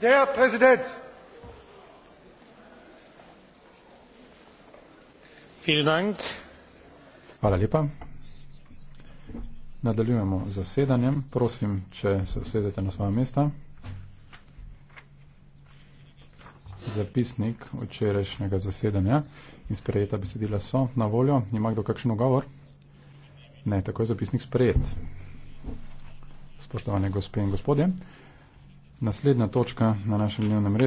Herr Präsident! Vielen Dank. Hvala lepa. Nadaljujemo z zasedanjem. Prosim, če se usedete na svoja mesta. Zapisnik včerajšnjega zasedanja in sprejeta besedila so na voljo. Ima kdo kakšen ogovor? Ne, tako je zapisnik sprejet. Spoštovane gospe in gospodje, Naslednja točka na našem dnevnem redu.